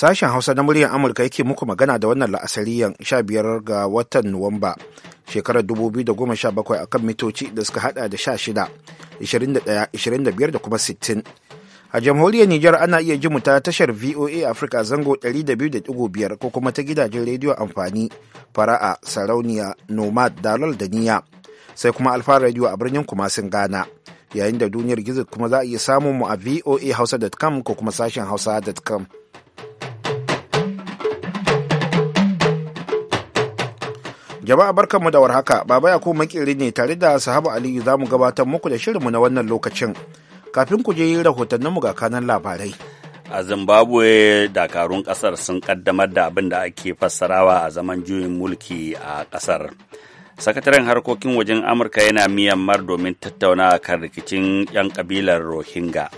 Sashen Hausa na muryar Amurka yake muku magana da wannan la'asariyan 15 ga watan Nuwamba shekarar 2017 akan mitoci da suka hada da 16, 21, 25 da kuma 60. A jamhuriyar Nijar ana iya ji ta tashar VOA Africa zango 200.5 ko kuma ta gidajen rediyo amfani fara'a sarauniya nomad dalal da niya sai kuma alfa rediyo a birnin kumasin Ghana. Yayin da duniyar gizo kuma za a iya samun mu a hausa.com ko kuma sashen hausa.com. Jama'a barkanmu da warhaka, Baba ya Yakubu Makiri ne tare da Sahabu Aliyu za mu gabatar muku da shirinmu na wannan lokacin. Kafin ku je mu ga kanan labarai. A Zimbabwe, dakarun kasar sun kaddamar da abin da ake fassarawa a zaman juyin mulki a kasar. Sakataren harkokin wajen Amurka yana Myanmar domin tattauna kan rikicin 'yan kabilar Rohingya.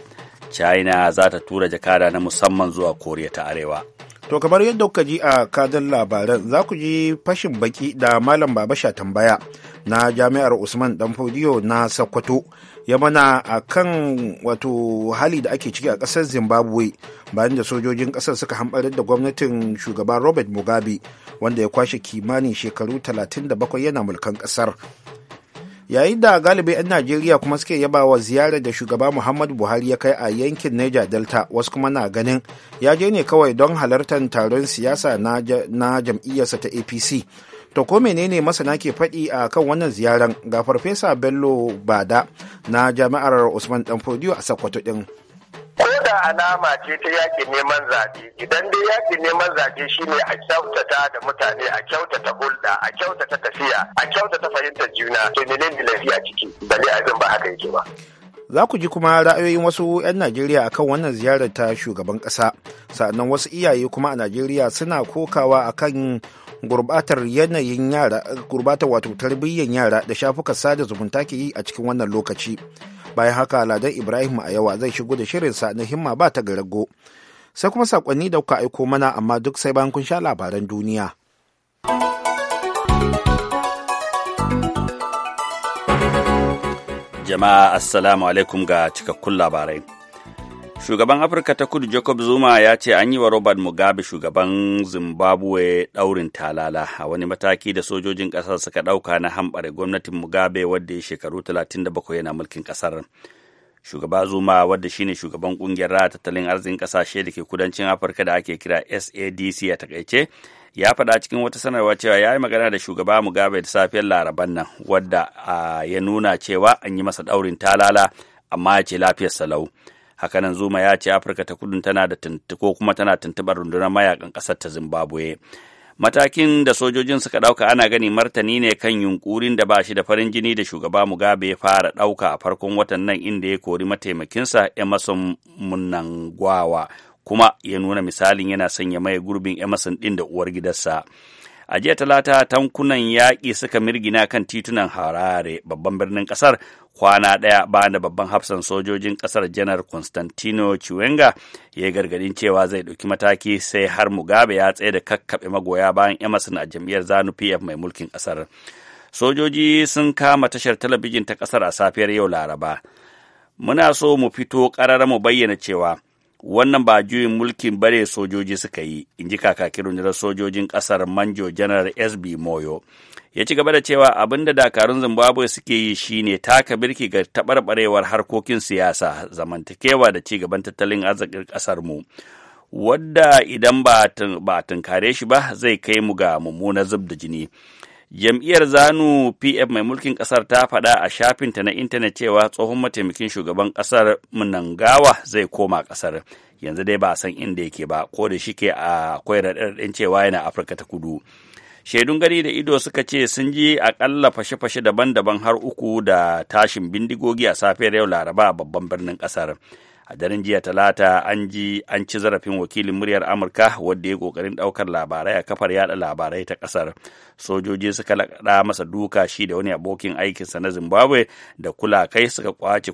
China za ta tura jakada na musamman zuwa Koriya ta Arewa. To kamar yadda kuka ji a kadin labaran za ku ji fashin baki da Malam Babasha tambaya na jami'ar Usman Danfodiyo na Sokoto ya mana a kan wato hali da ake ciki a ƙasar Zimbabwe bayan da sojojin ƙasar suka hambarar da gwamnatin shugaban Robert Mugabe wanda ya kwashe kimanin shekaru 37 yana mulkan ƙasar. yayin da galibi 'yan najeriya kuma suke yaba wa ziyarar da shugaba muhammadu buhari ya kai a yankin niger delta wasu kuma na ganin ya je ne kawai don halartar taron siyasa na jam'iyyarsa ta apc to ko menene masana ke faɗi a kan wannan ziyarar ga farfesa bello bada na jami'ar usman danfodiyo a sokoto ɗin ko da alama ce ta yaƙi neman zaɓe idan dai yaƙi neman zaɓe shine a kyautata da mutane a kyautata hulɗa a kyautata tafiya a kyautata fahimtar juna to ne laifi a ciki bale abin ba haka yake ba za ku ji kuma ra'ayoyin wasu 'yan najeriya akan wannan ziyarar ta shugaban ƙasa sannan wasu iyaye kuma a najeriya suna kokawa akan gurbatar yanayin yara gurbatar wato tarbiyyar yara da shafukan sada zumunta ke yi a cikin wannan lokaci bayan haka ladan ibrahim a yawa zai shigo da shirinsa na himma ba ta garago sai kuma sakonni da kuka aiko mana amma duk sai bayan kun sha labaran duniya jama'a assalamu alaikum ga cikakkun labarai Shugaban Afirka ta kudu Jacob Zuma ya ce an yi wa Robert Mugabe shugaban Zimbabwe ɗaurin talala a wani mataki da sojojin ƙasar suka ɗauka na hambare gwamnatin Mugabe wadda ya shekaru 37 yana mulkin ƙasar. Shugaba Zuma wadda shine shugaban ƙungiyar raya tattalin arzikin kasashe da ke kudancin Afirka da ake kira SADC a takaice ya faɗa cikin wata sanarwa cewa ya yi magana da shugaba Mugabe da safiyar Laraban nan wadda ya nuna cewa an yi masa ɗaurin talala amma ya ce lafiyar salau. hakanan zuma ya ce afirka ta Kudu tana da ko kuma tana tuntubar rundunar mayakan ƙasar ta zimbabwe matakin da sojojin suka ɗauka ana gani martani ne kan yunkurin da ba shi da farin jini da shugaba mugabe ya fara ɗauka a farkon watan nan inda ya kori mataimakinsa emerson munangwawa kuma ya nuna misalin yana sanya mai gurbin emerson ɗin da uwar gidansa a jiya talata tankunan yaƙi suka mirgina kan titunan harare babban birnin ƙasar kwana ɗaya bayan da babban hafsan sojojin ƙasar janar constantino chiwenga ya yi gargadin cewa zai ɗauki mataki sai har mugabe ya tsaye da kakkaɓe magoya bayan emerson a jam'iyyar zanu pf mai mulkin ƙasar sojoji sun kama tashar talabijin ta ƙasar a safiyar yau laraba muna so mu fito ƙarar mu bayyana cewa wannan ba juyin mulkin bare sojoji suka yi in ji kakakin sojojin ƙasar manjo janar sb moyo ya ci gaba da cewa abin da dakarun zimbabwe suke yi shine taka birki ga taɓarɓarewar harkokin siyasa zamantakewa da ci gaban tattalin arzikin ƙasar mu wadda idan ba a tunkare shi ba zai kai mu ga mummunar zub da jini Jam'iyyar Zanu PF mai mulkin kasar ta faɗa a shafinta na intanet cewa tsohon mataimakin shugaban kasar munangawa zai koma kasar Yanzu dai ba a san inda yake ba, ko da shike akwai raɗaɗin cewa yana Afirka ta kudu. Shaidun gari da ido suka ce sun ji akalla fashe-fashe daban-daban har uku da tashin bindigogi a safiyar yau Laraba babban birnin kasar. a daren jiya talata an ji an ci zarafin wakilin muryar amurka wadda ya kokarin daukar labarai a kafar yada labarai ta kasar sojoji suka laƙaɗa masa duka shi da wani abokin aikinsa na zimbabwe da kula kai suka kwace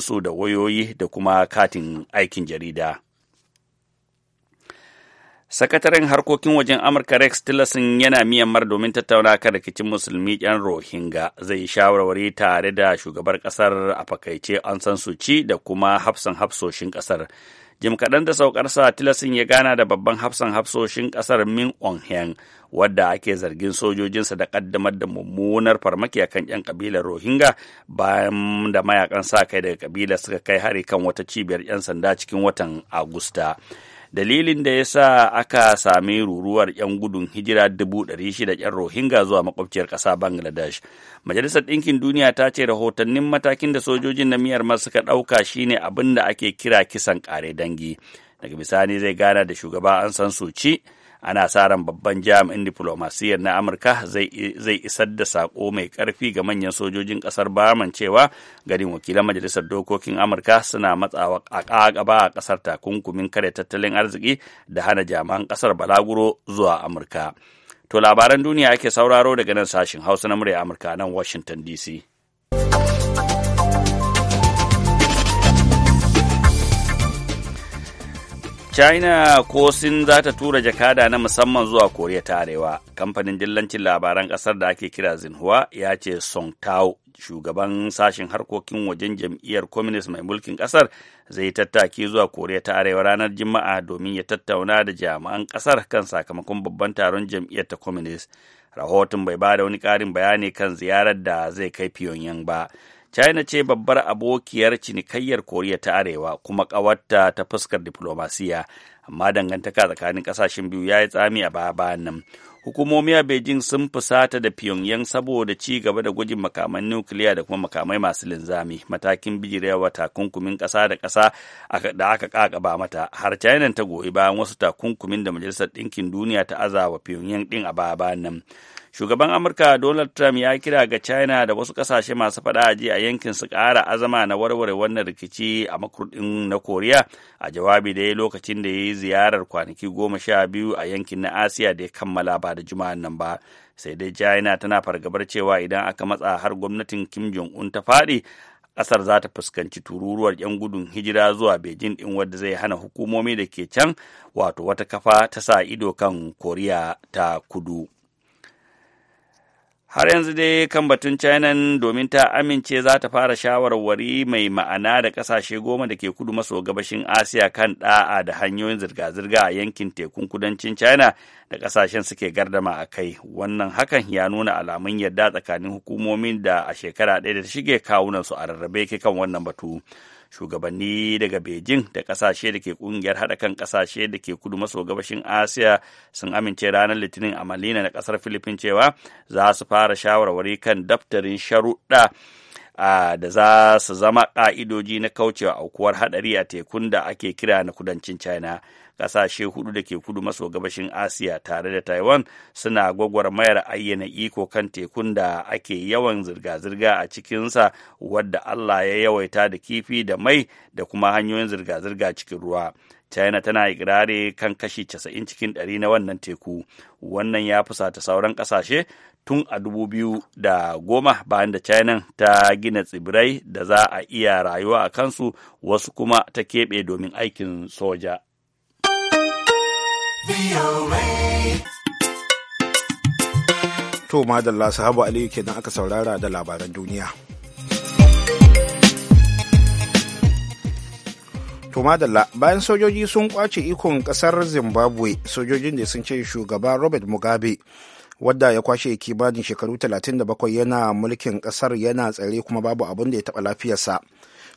su da wayoyi da kuma katin aikin jarida Sakataren harkokin wajen Amurka Rex Tillerson yana Myanmar domin tattauna kan rikicin musulmi yan Rohingya zai shawarwari tare da shugabar kasar a fakaice an san suci da kuma hafsan hafsoshin ƙasar. Jim kaɗan da saukarsa Tillerson ya gana da babban hafsan hafsoshin kasar Min Aung Hlaing wadda ake zargin sojojinsa da ƙaddamar da mummunar farmaki akan 'yan ƙabilar Rohingya bayan da mayakan sa kai daga ƙabilar suka kai hari kan wata cibiyar 'yan sanda cikin watan Agusta. dalilin da ya sa aka sami ruruwar 'yan gudun hijira dubu shida 'yan rohingya zuwa makwabciyar ƙasa bangladesh majalisar ɗinkin duniya ta ce rahotannin matakin da sojojin na masu suka ɗauka shine abin da ake kira kisan ƙare dangi daga bisani zai gana da shugaba an san suci ana sa ran babban jami'in diplomasiyyar na amurka zai isar da sako mai karfi ga manyan sojojin ƙasar barman cewa garin wakilan majalisar dokokin amurka suna matsawa a ƙaƙaba a ƙasar takunkumin kare tattalin arziki da hana jami'an ƙasar balaguro zuwa amurka to labaran duniya ake sauraro daga nan sashin hausa na murya amurka nan washington dc China ko Sin za ta tura jakada na musamman zuwa Koriya ta Arewa. Kamfanin dillancin labaran kasar da ake kira Xinhua ya ce Song Tao, shugaban sashen harkokin wajen jam'iyyar Communist mai mulkin kasar zai tattaki zuwa Koriya ta Arewa ranar Juma'a domin ya tattauna da jami'an kasar kan sakamakon babban taron jam'iyyar ta Communist. Rahoton bai ba da wani ƙarin bayani kan ziyarar da zai kai Pyongyang ba. China ce babbar abokiyar cinikayyar Koriya ta Arewa kuma kawarta ta fuskar diplomasiya, amma dangantaka tsakanin kasashen biyu ya yi tsami a baya nan. Hukumomi a Beijing sun fusata da Pyongyang saboda ci gaba da gwajin makaman nukiliya da kuma makamai masu linzami, matakin bijirewa takunkumin kasa da ƙasa da aka ƙaƙaba mata, har China ta goyi bayan wasu takunkumin da Majalisar Ɗinkin Duniya ta azawa Pyongyang ɗin a baya nan. Shugaban Amurka Donald Trump ya kira ga China da wasu kasashe masu fada aji a yankin su kara azama na warware wannan rikici a makurɗin na Koriya a jawabi da ya lokacin da ya yi ziyarar kwanaki goma sha biyu a yankin na Asiya da ya kammala ba da juma'an nan ba. Sai dai China tana fargabar cewa idan aka matsa har gwamnatin Kim Jong-un ta faɗi kasar za ta fuskanci tururuwar 'yan gudun hijira zuwa Beijing din wadda zai hana hukumomi da ke can wato wata kafa ta sa ido kan Koriya ta kudu. har yanzu dai kan batun china domin ta amince za ta fara shawarwari mai ma'ana da kasashe goma da ke kudu maso gabashin asiya kan da'a da hanyoyin zirga-zirga a yankin tekun kudancin china da kasashen suke gardama a kai wannan hakan ya nuna alamun yadda tsakanin hukumomin da a shekara ɗaya da ta shige kawunan su a rarrabe kan wannan batu shugabanni daga beijing da kasashe da ke kungiyar hada kan kasashe da ke kudu maso gabashin asiya sun amince ranar litinin a malina na kasar filipin cewa za su fara shawarwari kan daftarin sharuɗa da za su zama ƙa'idoji na kaucewa aukuwar hadari a tekun da ake kira na kudancin china ƙasashe hudu da ke kudu maso gabashin asiya tare da taiwan suna gwagwarmayar ayyana iko kan tekun da ake yawan zirga-zirga a cikinsa wadda allah ya yawaita da kifi da mai da kuma hanyoyin zirga-zirga cikin ruwa china tana ikirari kan kashi 90 cikin 100 na wannan teku wannan ya fusata sauran kasashe tun a 2010 bayan da china ta gina tsibirai da za a iya rayuwa a kansu wasu kuma ta keɓe domin aikin soja To madalla sahabu Aliyu kenan aka saurara da labaran duniya. To madalla bayan sojoji sun kwace ikon kasar Zimbabwe sojojin da sun ce shugaba Robert Mugabe wadda ya kwashe kimanin shekaru 37 yana mulkin kasar yana tsare kuma babu abin da ya taɓa lafiyarsa.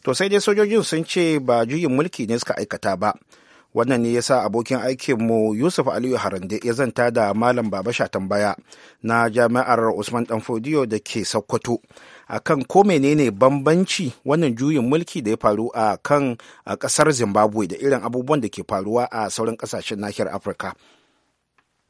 To sai dai sojojin sun ce ba juyin mulki ne suka aikata ba. wannan ne yasa abokin aikinmu yusuf aliyu harande ya zanta da malam baba tambaya na jami'ar usman danfodiyo da ke sokoto kan ko menene bambanci wannan juyin mulki da ya faru a kan kasar zimbabwe da irin abubuwan da ke faruwa a sauran kasashen nahiyar afirka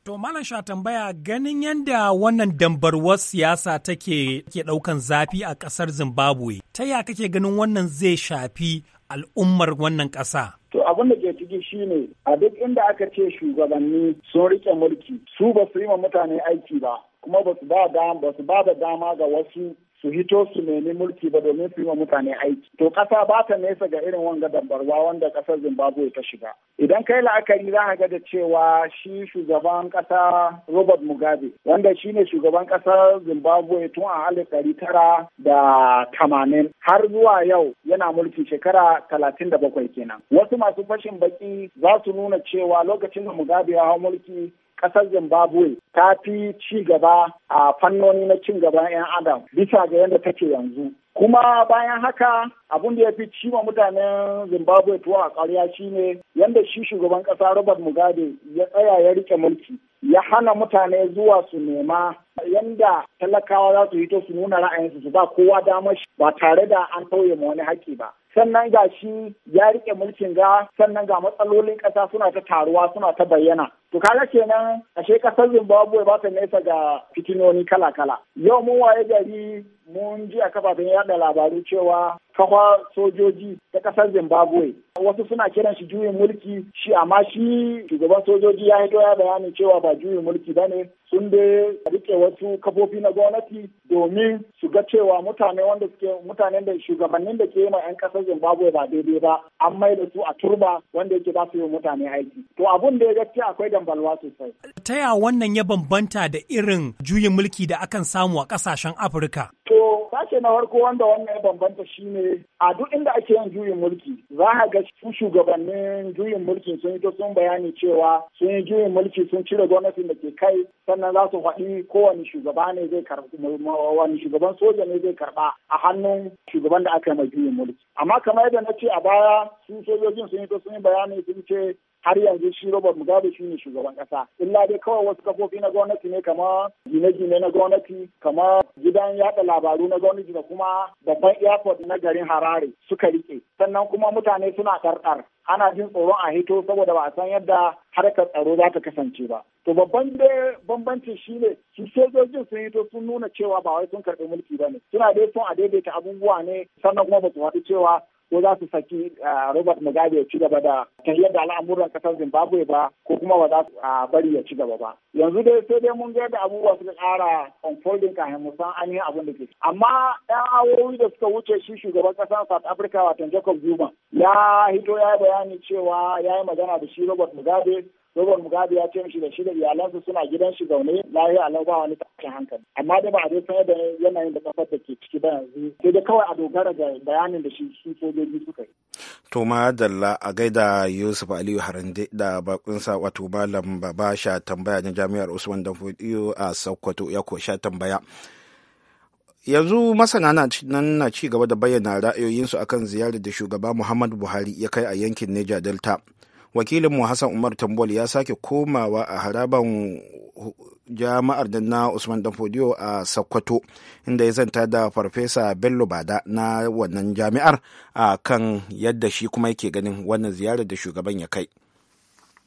To Malam sha tambaya ganin yadda wannan dambarwar siyasa take ke ɗaukan zafi a kasar Zimbabwe, ta ya kake ganin wannan zai shafi al'ummar wannan ƙasa? To abin da ke ciki shine a duk inda aka ce shugabanni sun rike mulki su ba su yi wa mutane aiki ba kuma ba su ba da dama ga wasu su hito su nemi mulki ba domin su yi wa mutane aiki. To ƙasa ba ta nesa ga irin wanga dambarwa wanda ƙasar Zimbabwe ta shiga. Idan kai la'akari za ka ga da cewa shi shugaban ƙasa Robert Mugabe wanda shi ne shugaban ƙasar Zimbabwe tun a alif ɗari tara da tamanin har zuwa yau yana mulki shekara talatin da bakwai kenan. Wasu masu fashin baki za su nuna cewa lokacin da Mugabe ya hau mulki Kasar Zimbabwe ta fi ci gaba a fannoni na cin gaban 'yan adam bisa ga yadda take yanzu. Kuma bayan haka abin da ya fi ciwa mutanen Zimbabwe tuwa a ƙarya shine yadda shi shugaban ƙasa Robert Mugabe ya tsaya ya rike mulki. ya hana mutane zuwa su nema yanda talakawa za su hito su nuna ra'ayinsu su ba kowa damar shi. ba tare da an tauye ma wani haƙƙi ba sannan ga shi ya riƙe mulkin ga sannan ga matsalolin ƙasa suna ta taruwa suna ta bayyana To kaga kenan ashe kasar Zimbabwe ba ta nesa ga fitinoni kala-kala. Yau mun waye gari mun ji a kafafen yaɗa labaru cewa kafa sojoji ta kasar Zimbabwe. Wasu suna kiran shi juyin mulki shi amma shi shugaban sojoji ya hito ya bayani cewa ba juyin mulki ba ne sun dai rike wasu kafofi na gwamnati domin su ga cewa mutane wanda suke mutanen da shugabannin da ke yi ma 'yan kasar Zimbabwe ba daidai ba an mai da su a turba wanda yake ba su yi mutane aiki. To abun da ya gaske akwai da shan sosai. Ta ya wannan ya bambanta da irin juyin mulki da akan samu a kasashen Afirka? To, sashe na farko wanda wannan ya bambanta shi ne a duk inda ake yin juyin mulki za a ga shugabannin juyin mulki sun yi sun bayani cewa sun yi juyin mulki sun cire gwamnatin da ke kai sannan za su faɗi kowane shugaba ne zai karɓa wani shugaban soja ne zai karɓa a hannun shugaban da aka yi mai juyin mulki. Amma kamar yadda na ce a baya su sojojin sun yi sun yi bayani sun ce har yanzu shi Robert Mugabe shi ne shugaban ƙasa. Illa dai kawai wasu kafofi na gwamnati ne kama gine-gine na gwamnati, kama gidan yada labaru na gwamnati da kuma babban airport na garin Harare suka rike. Sannan kuma mutane suna karkar. Ana jin tsoron a hito saboda ba a san yadda harkar tsaro za ta kasance ba. To babban bambancin shi ne su sojojin sun hito sun nuna cewa ba wai sun karɓi mulki ba ne. Suna dai son a daidaita abubuwa ne sannan kuma ba su cewa ko za su saki ah, Robert Mugabe ya ci gaba da kan da al'amuran kasar Zimbabwe ba ko kuma ba za su ah, bari ya ci gaba ba. Yanzu dai sai dai mun ga yadda abubuwa suka ƙara unfolding kafin mu san an yi abin da ke. Amma ɗan awowi da suka wuce shi shugaban ƙasar South Africa watan Jacob Zuma ya hito ya yi bayani cewa ya yi magana da shi Robert Mugabe Robert Mugabe ya ce mishi da shi da iyalansa suna gidan shi zaune lafiya alau ba wani tashin hankali. Amma da ba a dai sanar da yanayin da kafar da ke ciki ba yanzu sai dai kawai a dogara da bayanin da shi su sojoji suka yi. To dalla a gaida Yusuf Aliyu Harande da bakunsa wato Malam Baba sha tambaya na Jami'ar Usman Danfodiyo a Sokoto ya ko sha tambaya. yanzu masana na ci gaba da bayyana ra'ayoyinsu akan ziyarar da shugaba muhammadu buhari ya kai a yankin neja delta wakilinmu hassan umar tambol ya sake komawa a haraban jama'ar da na usman danfodiyo a sokoto inda ya zanta da farfesa bello bada na wannan jami'ar a kan yadda shi kuma yake ganin wannan ziyarar da shugaban ya kai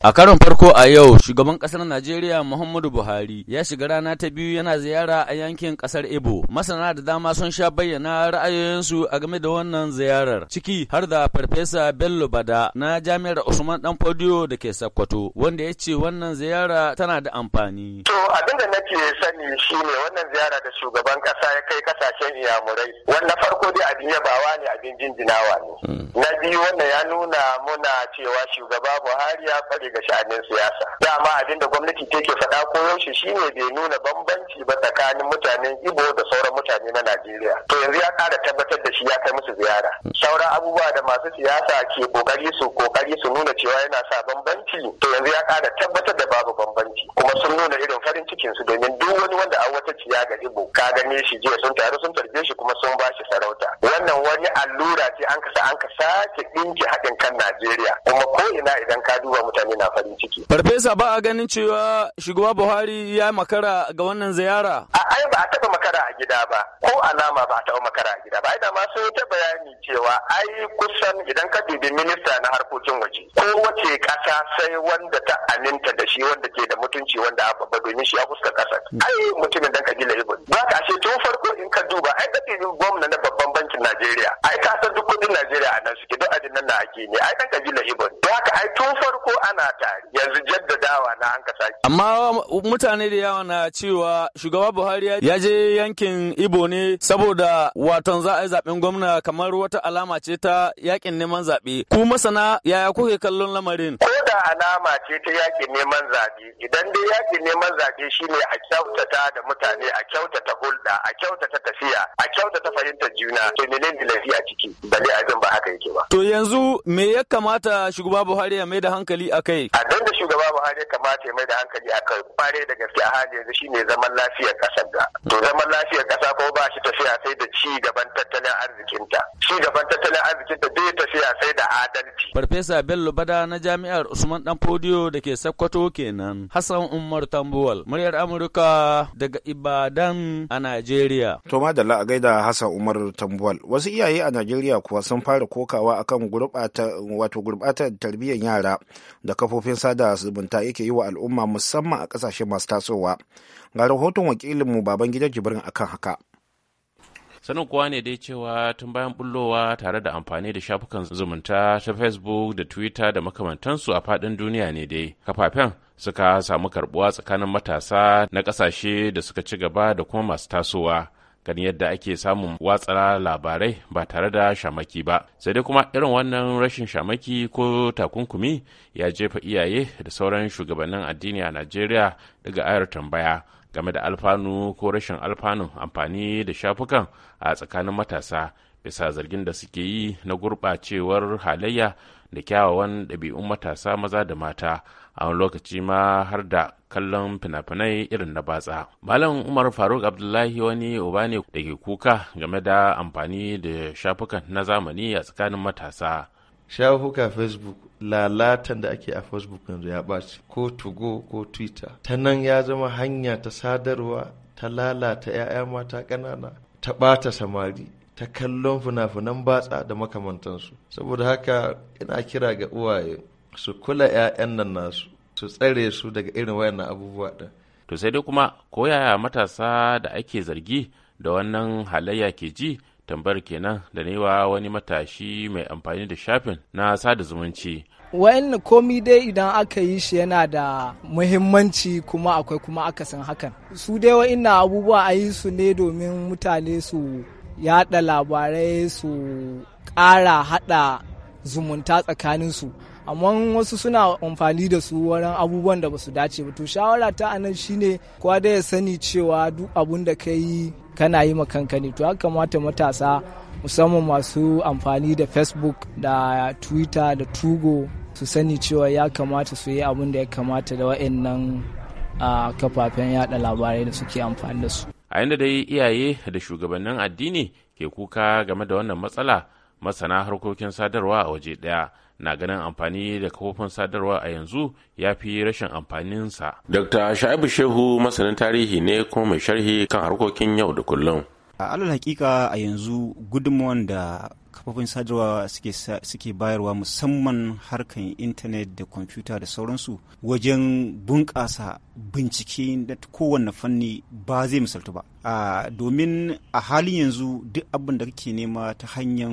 A karin farko a yau, shugaban ƙasar Najeriya Muhammadu Buhari ya shiga rana ta biyu yana ziyara a yankin kasar Ibo. Masana da dama sun sha bayyana ra'ayoyinsu a game da wannan ziyarar, ciki har da Farfesa Bello Bada na Jami'ar Usman Dan Fodiyo da ke Sokoto, wanda ya ce wannan ziyara tana da amfani. To abin da nake sani shine wannan ziyara da shugaban kasa ya kai kasashen iyamurai. Wannan farko dai abin yabawa ne abin jinjinawa ne. Hmm. Na biyu wannan ya nuna muna cewa shugaba Buhari ya fadi ga sha'anin siyasa dama abin da gwamnati take faɗa ko yaushe shine bai nuna bambanci ba tsakanin mutanen ibo da sauran mutane na najeriya to yanzu ya ƙara tabbatar da shi ya kai musu ziyara sauran abubuwa da masu siyasa ke kokari su kokari su nuna cewa yana sa bambanci to yanzu ya ƙara tabbatar da babu bambanci kuma sun nuna irin farin cikin su domin duk wani wanda a wata ciya ga ibo ka gane shi jiya sun taru sun tarbe shi kuma sun ba shi sarauta wannan wani allura ce an kasa an ka sake ɗinki haɗin kan najeriya kuma ko ina idan ka duba mutane na farin ciki. Farfesa ba a ganin cewa shugaba Buhari ya makara ga wannan ziyara? A ai ba a taɓa makara a gida ba, ko alama ba a taɓa makara a gida ba. Ai da ma sun ta bayani cewa ai kusan idan ka dubi minista na harkokin waje, ko wace ƙasa sai wanda ta aminta da shi wanda ke da mutunci wanda a babba domin shi a fuska ƙasa. Ai mutumin dan kabila Ibo. Ba ka ashe tun farko in ka duba ai ɗaɗin gwamna na babban bankin Najeriya. Ai ka san duk kuɗin Najeriya a nan suke duk adin nan na ake ne. Ai ɗan kabila Ibo. Ba ka ai tun farko ana ana tare yanzu jaddadawa na an kasa amma mutane da yawa na cewa shugaba Buhari ya je yankin Ibo ne saboda watan za a yi zaben gwamna kamar wata alama ce ta yakin neman zaɓe ku masana yaya kuke kallon lamarin ko da alama ce ta yakin neman zaɓe idan dai yakin neman zaɓe shine a kyautata da mutane a kyautata hulɗa a kyautata tafiya a kyautata fahimtar juna to ne lafi ciki bale abin ba haka yake ba to yanzu me ya kamata shugaba Buhari ya mai da hankali akai sei. A grande shugaba Buhari ya kamata ya mai da hankali a kai kware da gaske a hali yanzu shine zaman lafiyar kasar da. To zaman lafiyar kasa ko ba shi tafiya sai da ci gaban tattalin arzikinta. Ci gaban tattalin arzikinta bai tafiya sai da adalci. Farfesa Bello Bada na Jami'ar Usman Dan Fodiyo da ke Sokoto kenan. Hassan Umar Tambuwal, muryar Amurka daga Ibadan a Najeriya. To madalla a gaida Hassan Umar Tambuwal. Wasu iyaye a Najeriya kuwa sun fara kokawa akan gurbata wato gurbatar tarbiyyar yara da kafofin sada masu zumunta yake yi wa al'umma musamman a kasashe masu tasowa ga rahoton wakilinmu baban gidan jibrin akan haka sanin kuwa ne dai cewa tun bayan bullowa tare da amfani da shafukan zumunta ta facebook da twitter da makamantansu a fadin duniya ne dai kafafen suka samu karbuwa tsakanin matasa na kasashe da suka ci gaba da kuma masu tasowa gani yadda ake samun watsara labarai ba tare da shamaki ba sai dai kuma irin wannan rashin shamaki ko takunkumi ya jefa iyaye da sauran shugabannin addini a najeriya daga ayar tambaya game da alfanu ko rashin alfanu amfani da shafukan a tsakanin matasa bisa zargin da suke yi na gurɓacewar halayya da kyawawan ɗabi'un matasa maza da mata a wani lokaci ma har da kallon fina-finai irin na batsa. Malam Umar Faruk Abdullahi wani uba ne da ke kuka game da amfani da shafukan na zamani a tsakanin matasa. Shafuka Facebook lalatan da ake a Facebook yanzu ya ɓaci ko Tugo ko Twitter. Ta nan ya zama hanya ta sadarwa ta lalata 'ya'ya mata ƙanana ta ɓata samari ta kallon fina-finan batsa da makamantansu. Saboda haka ina kira ga uwaye su kula 'ya'yan nan nasu su tsare su daga irin wayannan abubuwa ɗin. To sai dai kuma ko yaya matasa da ake zargi da wannan halayya ke ji tambar kenan da newa wani matashi mai amfani da shafin na sada zumunci. Wa'in komi dai idan aka yi shi yana da muhimmanci kuma akwai kuma akasin hakan. Su dai ina abubuwa a yi su ne domin mutane su yada labarai su ƙara haɗa zumunta tsakaninsu. amma wasu suna amfani da su wurin abubuwan da basu dace ba to shawara ta anan shine kowa da ya sani cewa duk abun da ka yi kana yi ma kanka ne to haka kamata matasa musamman masu amfani da facebook da twitter da tugo su sani cewa ya kamata su yi abun da ya kamata da wa'annan kafafen yada labarai da suke amfani da su a yanda dai iyaye da shugabannin addini ke kuka game da wannan matsala masana harkokin sadarwa a waje daya. na ganin amfani da kafofin sadarwa a yanzu ya fi rashin amfaninsa. Dr. Sha'ibu Shehu masanin tarihi ne kuma mai sharhi kan harkokin yau da kullum. A alal hakika a yanzu gudunmuwan da kafofin sadarwa suke bayarwa musamman harkan intanet da kwamfuta da sauransu wajen bunƙasa bincike da kowanne fanni ba zai misaltu ba domin a halin yanzu duk abin da kake nema ta hanyar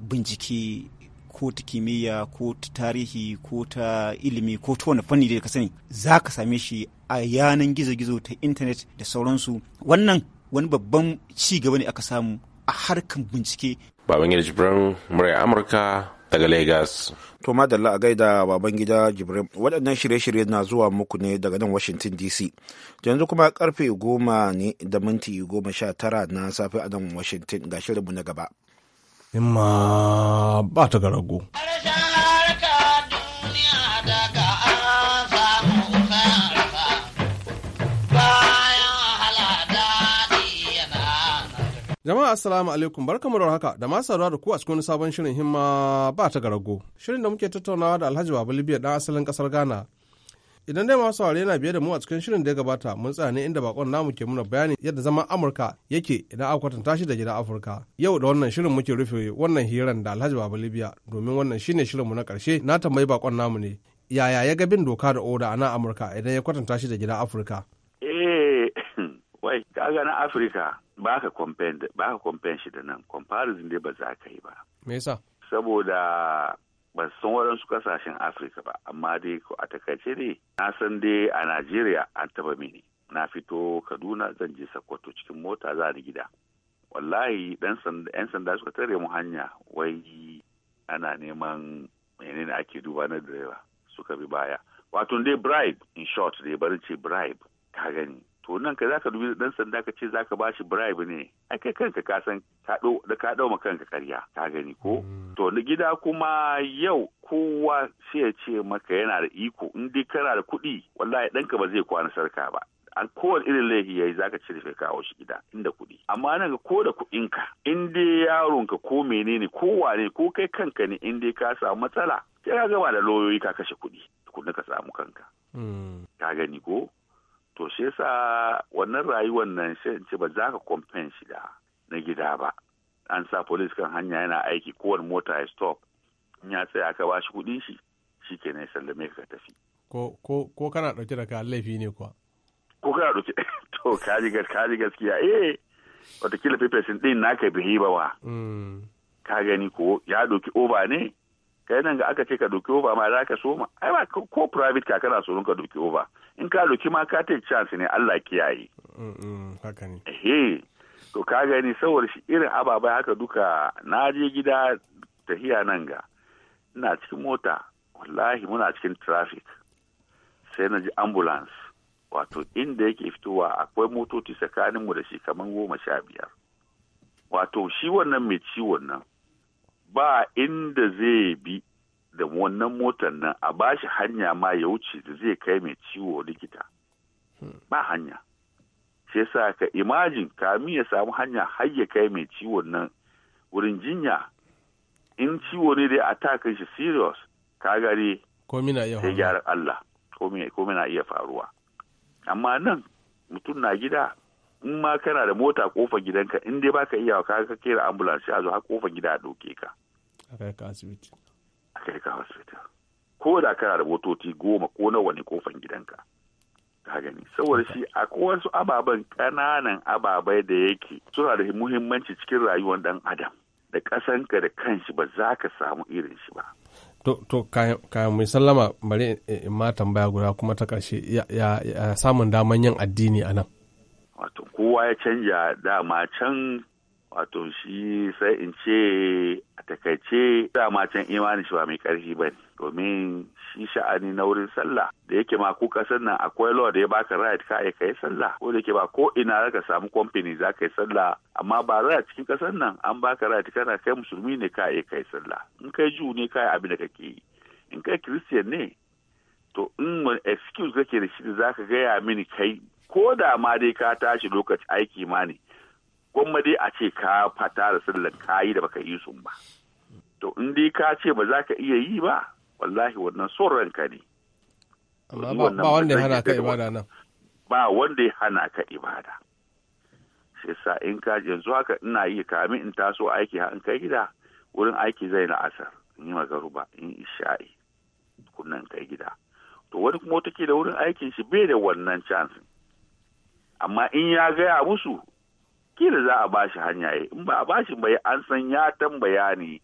bincike ko ta kimiyya ko ta tarihi ko ta ilimi ko ta wani fanni da ka sani za ka same shi a yanan gizo-gizo ta intanet da sauransu wannan wani babban ci gaba ne aka samu a harkan bincike babangida jibrin murai amurka daga lagos to madalla a gaida babangida jibrin waɗannan shirye-shirye na zuwa muku ne daga nan washington dc yanzu kuma karfe goma ne da minti goma sha tara na safe a nan washington ga shirinmu na gaba imma ba ta ga rago. Jama'a assalamu alaikum barkamu da haka da masu saurara da ku a cikin sabon shirin himma ba ta garago. Shirin da muke tattaunawa da Alhaji babu Libya dan asalin ƙasar Ghana idan dai masu saurare yana biye da mu a cikin shirin da ya gabata mun tsaya ne inda bakon namu ke muna bayani yadda zaman amurka yake idan aka kwatanta shi da gidan afirka yau da wannan shirin muke rufe wannan hiran da alhaji baba libya domin wannan shine shirinmu na karshe na tambayi bakon namu ne yaya ya ga bin doka da oda a nan amurka idan ya kwatanta shi da gidan afirka eh, wai kaga na afirka ba ka compare ba ka compare shi da nan comparison dai ba za ka yi ba me yasa saboda ba san waɗansu ƙasashen afirka ba amma dai a takaice ne. na san dai a najeriya an taba mini na fito kaduna zan je sokoto cikin mota za ni gida wallahi yan sanda suka tare mu hanya wai ana neman menene ake duba na direba suka bi baya wato dai bribe in short dai barin ce bribe ka gani to nan ka ka dubi dan sanda ka ce za ka bashi bribe ne ai kai kanka ka san ka dau da ka kanka karya ka gani ko mm. to na gida kuma yau kowa sai ya ce maka yana da iko in dai kana da kuɗi wallahi ɗanka ba zai kwana sarka ba an kowane irin laifi yayi zaka cire ka kawo shi gida inda kuɗi amma nan ga ko da kuɗinka in dai yaronka ko menene ko wane ko kai kanka ne in dai ka samu matsala sai ka gaba da lauyoyi ka kashe kuɗi tukunna ka samu kanka mm. ka gani ko to shi yasa wannan rayuwar nan shi ce ba za ka kwamfen shi da na gida ba an sa polis kan hanya yana aiki kowane mota ya stop in ya tsaya ka ba shi shi shi ke ne sallame ka tafi ko kana dauke da ka laifi ne kuwa ko kana dauke to kaji gaskiya eh watakila pepesin ɗin naka bihi ba wa mm. ka gani ko ya ɗauki oba ne kai nan ga aka ce ka doki over ma za ka ma ai ba ko private ka kana tsoron ka doki over in ka doki ma ka take chance ne Allah kiyaye mm, mm, haka ne eh to ka gani saboda shi irin ababai haka duka na je gida tahiya nan ga ina cikin mota wallahi muna cikin traffic sai na ji ambulance wato inda yake fitowa akwai motoci tsakaninmu da shi kamar goma sha biyar wato shi wannan mai ciwon nan ba inda zai bi da wannan motar nan a bashi hanya ma ya wuce da zai kai mai ciwo likita hmm. ba hanya shi yasa ka imajin kami ya samu hanya har ya kai mai ciwo nan wurin jinya in ciwo ne dai kai shi serious ka gare sai gyaran Allah komi na iya faruwa amma nan mutum na gida in ma kana da mota kofar gidanka in dai baka iya ka ka kera ambulance sai a zo har kofar gida a doke ka a kai ka asibiti a kai ka asibiti ko da kana da motoci goma ko nawa ne kofar gidanka ka gani saboda shi akwai wasu ababen kananan ababai da yake suna da muhimmanci cikin rayuwar dan adam da kasanka da kanshi ba za ka samu irin shi ba to to kayan mai sallama bari in ma tambaya guda kuma ta ƙarshe ya samun daman yin addini a nan wato kowa ya canja dama can wato shi sai in ce a takaice dama can imanin shi ba mai karfi ba ne domin shi sha'ani na wurin sallah da yake ma ko kasar nan akwai lawa da ya baka right ka ya kai sallah ko da yake ba ko ina zaka samu company za ka yi sallah amma ba right cikin kasar nan an baka right kana kai musulmi ne ka ya kai sallah in kai ju ne ka abin da kake yi in kai christian ne to in excuse kake da shi da ka gaya mini kai ko da ma dai ka tashi lokaci aiki ma ne gwamma dai a ce ka fata da sallar kayi da baka yi sun ba to in dai ka ce ba za ka iya yi ba wallahi wannan son ranka ne ba wanda ya hana ka ibada nan ba wanda ya hana ka ibada shi sa in ka yanzu haka ina yi kamin in taso aiki in kai gida wurin aiki zai na asar in yi magaruba in isha'i kunnan kai gida to wani kuma take da wurin aikin shi bai da wannan chance amma in ya gaya musu kila za a bashi hanya ya in ba a bashi bai an san ya tambaya ne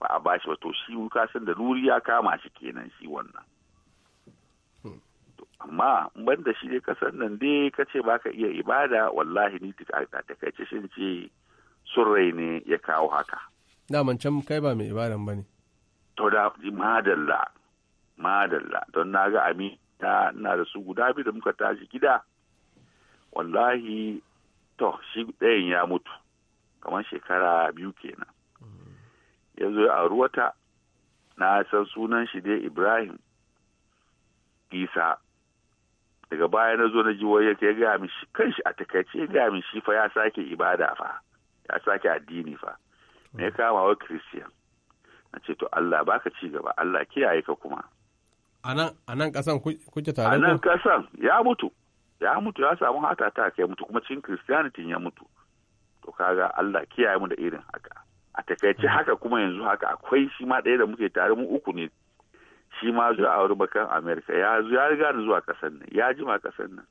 ba a bashi ba to shi wuka san da luri ya kama shi kenan shi wannan amma ban da shi dai kasar nan dai ka ce ba ka iya ibada wallahi ni a takaice shin ce sun rai ne ya kawo haka daman can kai ba mai ibadan ba ne to da madalla madalla don na ga amina na da su guda biyu da muka tashi gida wallahi to shi ɗayan ya mutu kamar shekara biyu kenan ya zo a ruwata na san sunan shi dai ibrahim isa daga baya na zo na ji wai ya gaya min shi kanshi a takaice ya gaya min shi fa ya sake ibada fa ya sake addini fa me ya kama wa christian na ce to Allah baka ci gaba Allah kiyaye ka kuma a nan kasan kuke tare a nan kasan ya mutu ya mutu ya samu hata ta kai mutu kuma cikin christianity ya mutu to kaga Allah kiyaye mu da irin haka a takaice mm. haka kuma yanzu haka akwai shi ma ɗaya da muke tare mu uku ne shi ma zuwa auri bakan america ya ya riga da zuwa kasan nan ya jima kasan nan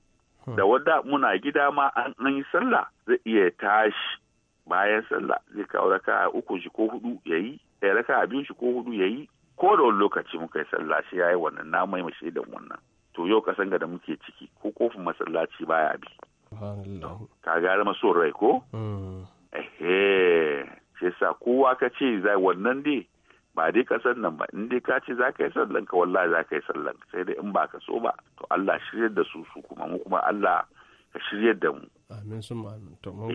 hmm. da wanda muna gida ma an yi sallah zai iya tashi bayan sallah zai kawo raka uku shi ko hudu ya eh, raka biyu shi ko hudu ya ko da wani lokaci muka yi sallah shi ya yi wannan na mai mashi da wannan to yau ka sanga da muke ciki ko kofin masallaci baya bi ka gara maso rai ko mm. ehe shi sa kowa ka ce zai wannan dai ba dai san nan ba in dai ka ce za ka yi sallan ka wallahi za ka yi sallan sai dai in ba ka so ba to Allah shiryar da su su kuma mu kuma Allah ka shiryar da mu amin sun amin to mun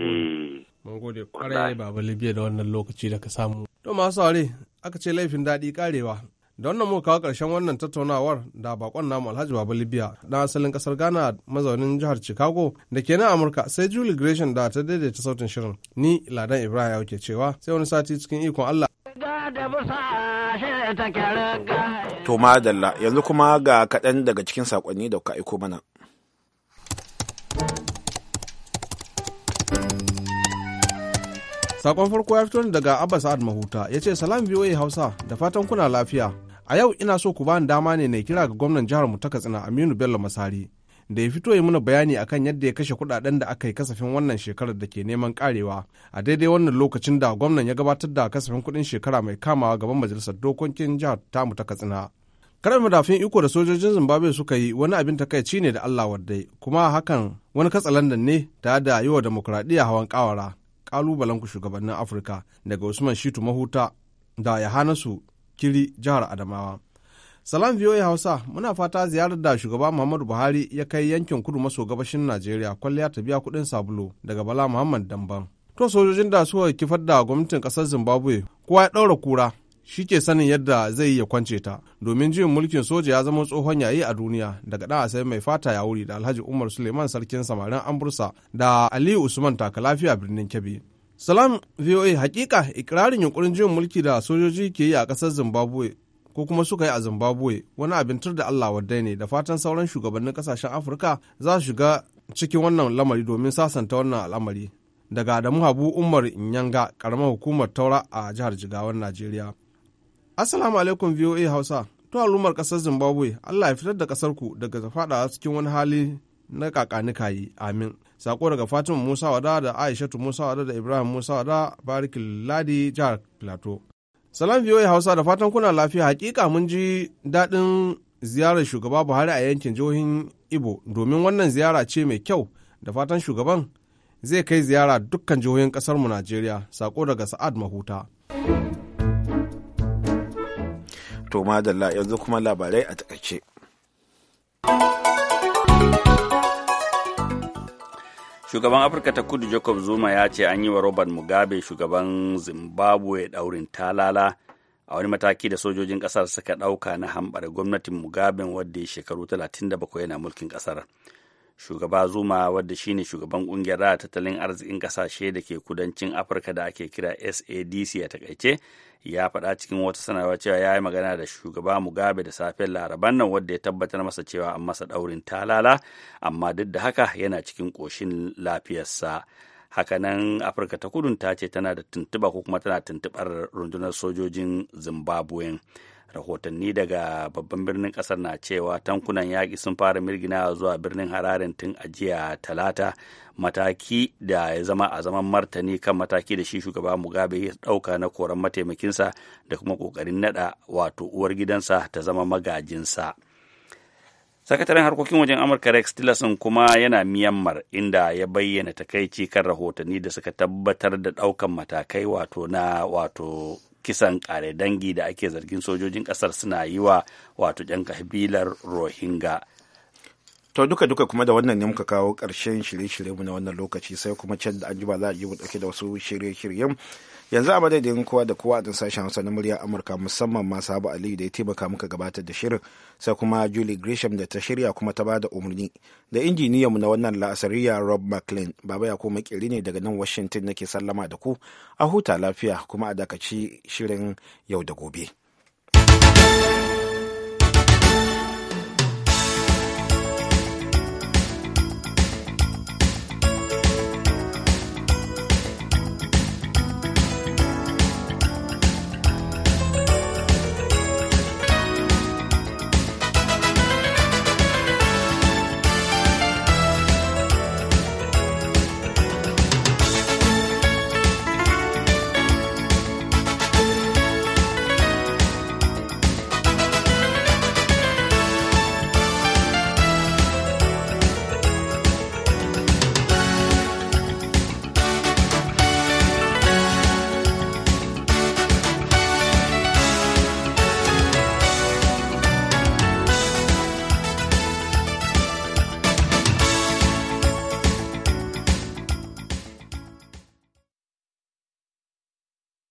gode eh. kwarai baba Libya da wannan lokaci da ka samu to masu aure aka ce laifin daɗi karewa don na muka kawo ƙarshen wannan tattaunawar da bakon namu alhaji baba libya na asalin kasar ghana mazaunin jihar chicago da ke nan amurka sai julie gresham da ta daidaita sautin shirin ni ladan ibrahim yau ke cewa sai wani sati cikin ikon allah to madalla yanzu kuma ga kaɗan daga cikin saƙonni da kuka aiko mana Sakon farko ya fito ne daga Abba Sa'ad Mahuta ya ce salam VOA Hausa da fatan kuna lafiya. A yau ina so ku bani dama ne na kira ga gwamnan jihar mu ta Katsina Aminu Bello Masari da ya fito ya muna bayani akan yadda ya kashe kudaden da aka yi kasafin wannan shekarar da ke neman karewa a daidai wannan lokacin da gwamnan ya gabatar da kasafin kudin shekara mai kamawa gaban majalisar dokokin jihar tamu ta Katsina. karar madafin iko da sojojin zimbabwe suka yi wani abin takaici ne da allah waddai kuma hakan wani katsalandan ne tare da yi wa demokuraɗiyya hawan kawara kalubalen ku shugabannin afirka daga usman shitu mahuta da yahanasu kiri jihar adamawa salam voa hausa muna fata ziyarar da shugaba muhammadu buhari ya kai yankin kudu maso gabashin najeriya kwalliya ta biya kuɗin sabulu daga bala muhammad damban to sojojin da suka kifar da gwamnatin ƙasar zimbabwe kowa ya ɗaura kura shi ke sanin yadda zai yi ya kwance ta domin jin mulkin soja ya zama tsohon yayi a duniya daga ɗan asali mai fata ya wuri da alhaji umar suleiman sarkin samarin ambursa da aliyu usman taka lafiya birnin kebbi salam voa hakika ikirarin yunkurin jin mulki da sojoji ke yi a kasar zimbabwe ko kuma suka yi a zimbabwe wani abin tur da allah wadai ne da fatan sauran shugabannin kasashen afirka za su shiga cikin wannan lamari domin sasanta wannan al'amari daga adamu habu umar Nyanga karamar hukumar taura a jihar Jigawar najeriya Assalamu alaikum VOA Hausa. To al'ummar ƙasar Zimbabwe, Allah ya fitar da ƙasar ku daga fadawa cikin wani hali na yi Amin. Sako daga Fatima Musa Wada da Aishatu Musa Wada da Ibrahim Musa Wada Barikin Ladi Jihar Plateau. Salam VOA Hausa da fatan kuna lafiya hakika mun ji daɗin ziyarar shugaba Buhari a yankin jihohin Ibo domin wannan ziyara ce mai kyau da fatan shugaban zai kai ziyara dukkan jihohin kasar mu Najeriya. Sako daga Sa'ad Mahuta. to madalla yanzu kuma labarai a takaice shugaban afirka ta kudu jacob zuma ya ce an yi wa robert mugabe shugaban zimbabwe daurin talala a wani mataki da sojojin kasar suka dauka na hambar gwamnatin mugabe wadda ya shekaru 37 yana mulkin kasar shugaba zuma wadda shine shugaban kungiyar raya tattalin arzikin kasashe da ke kudancin afirka da ake kira sadc a takaice ya faɗa cikin wata sanarwa cewa ya yi magana da shugaba mugabe da safiyar laraban nan wadda ya tabbatar masa cewa an masa ɗaurin talala amma duk da haka yana cikin ƙoshin lafiyarsa Haka nan afirka ta kudun ta ce tana da tuntuɓa ko kuma tana tuntuɓar rundunar sojojin zimbabwe rahotanni daga babban birnin kasar na cewa tankunan yaƙi sun fara mirginawa zuwa birnin hararin tun ajiya talata mataki da ya zama a zaman martani kan mataki da shi shugaba mugabe ya ɗauka na koran mataimakinsa da kuma kokarin naɗa wato uwar gidansa ta zama magajinsa. sakataren harkokin wajen amurka rex tillerson kuma yana myanmar inda ya bayyana takaici kan rahotanni da suka tabbatar da ɗaukan matakai wato na wato kisan kare dangi da ake zargin sojojin kasar suna yi wa wato 'yan kabilar rohingya to duka duka kuma da wannan ne muka kawo ƙarshen shirye-shiryenmu na wannan lokaci sai kuma can da an ba za a yi mu ɗauke da wasu shirye-shiryen yanzu a madadin kowa da kowa din sashen hausa na murya amurka musamman ma sabu aliyu da ya taimaka muka gabatar da shirin sai kuma julie gresham da ta shirya kuma ta ba da umarni da injiniyanmu na wannan la'asariya rob mclean baba ya kuma kiri ne daga nan washington nake sallama da ku a huta lafiya kuma a dakaci shirin yau da gobe.